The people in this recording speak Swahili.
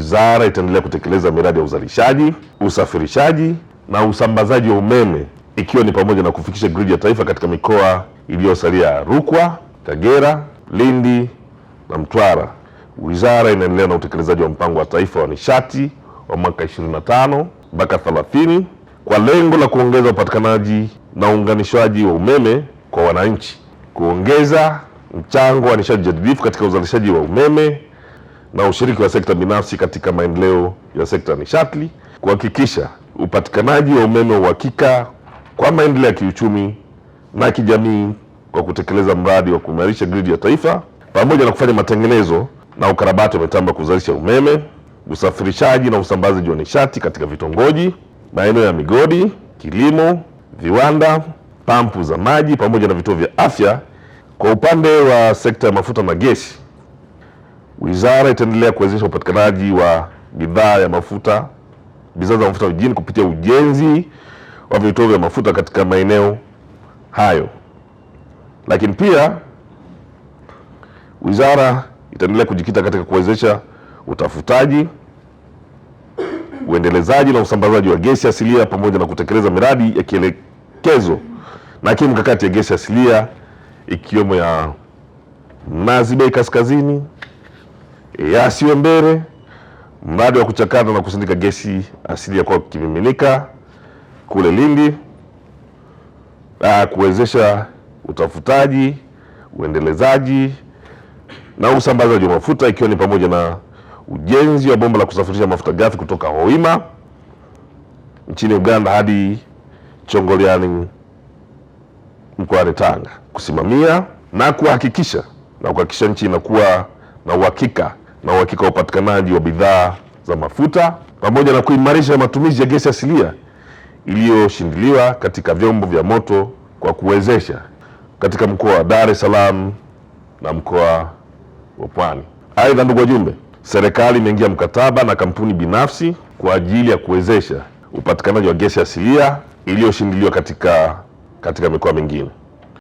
wizara itaendelea kutekeleza miradi ya uzalishaji, usafirishaji na usambazaji wa umeme ikiwa ni pamoja na kufikisha gridi ya taifa katika mikoa iliyosalia Rukwa, Kagera, Lindi na Mtwara. Wizara inaendelea na utekelezaji wa mpango wa taifa wa nishati wa mwaka 25 mpaka 30 kwa lengo la kuongeza upatikanaji na uunganishaji wa umeme kwa wananchi, kuongeza mchango wa nishati jadidifu katika uzalishaji wa umeme na ushiriki wa sekta binafsi katika maendeleo ya sekta nishati, kuhakikisha upatikanaji wa umeme wa uhakika kwa maendeleo ya kiuchumi na kijamii kwa kutekeleza mradi wa kuimarisha gridi ya taifa pamoja na kufanya matengenezo na ukarabati wa mitambo ya kuzalisha umeme, usafirishaji na usambazaji wa nishati katika vitongoji, maeneo ya migodi, kilimo, viwanda, pampu za maji pamoja na vituo vya afya. Kwa upande wa sekta ya mafuta na gesi Wizara itaendelea kuwezesha upatikanaji wa bidhaa ya mafuta bidhaa za mafuta vijijini kupitia ujenzi wa vituo vya mafuta katika maeneo hayo. Lakini pia wizara itaendelea kujikita katika kuwezesha utafutaji, uendelezaji na usambazaji wa gesi asilia pamoja na kutekeleza miradi ya kielekezo na kimkakati ya gesi asilia ikiwemo ya Mnazi Bay Kaskazini yasiwe mbele mradi wa kuchakata na kusindika gesi asilia kwa kimiminika kule Lindi, ah, kuwezesha utafutaji, uendelezaji na usambazaji wa mafuta ikiwa ni pamoja na ujenzi wa bomba la kusafirisha mafuta ghafi kutoka Hoima nchini Uganda hadi Chongoleani mkoani Tanga, kusimamia na kuhakikisha na kuhakikisha nchi inakuwa na uhakika na uhakika wa upatikanaji wa bidhaa za mafuta pamoja na kuimarisha matumizi ya gesi asilia iliyoshindiliwa katika vyombo vya moto kwa kuwezesha katika mkoa wa Dar es Salaam na mkoa wa Pwani. Aidha, ndugu wajumbe, serikali imeingia mkataba na kampuni binafsi kwa ajili ya kuwezesha upatikanaji wa gesi asilia iliyoshindiliwa katika, katika mikoa mingine.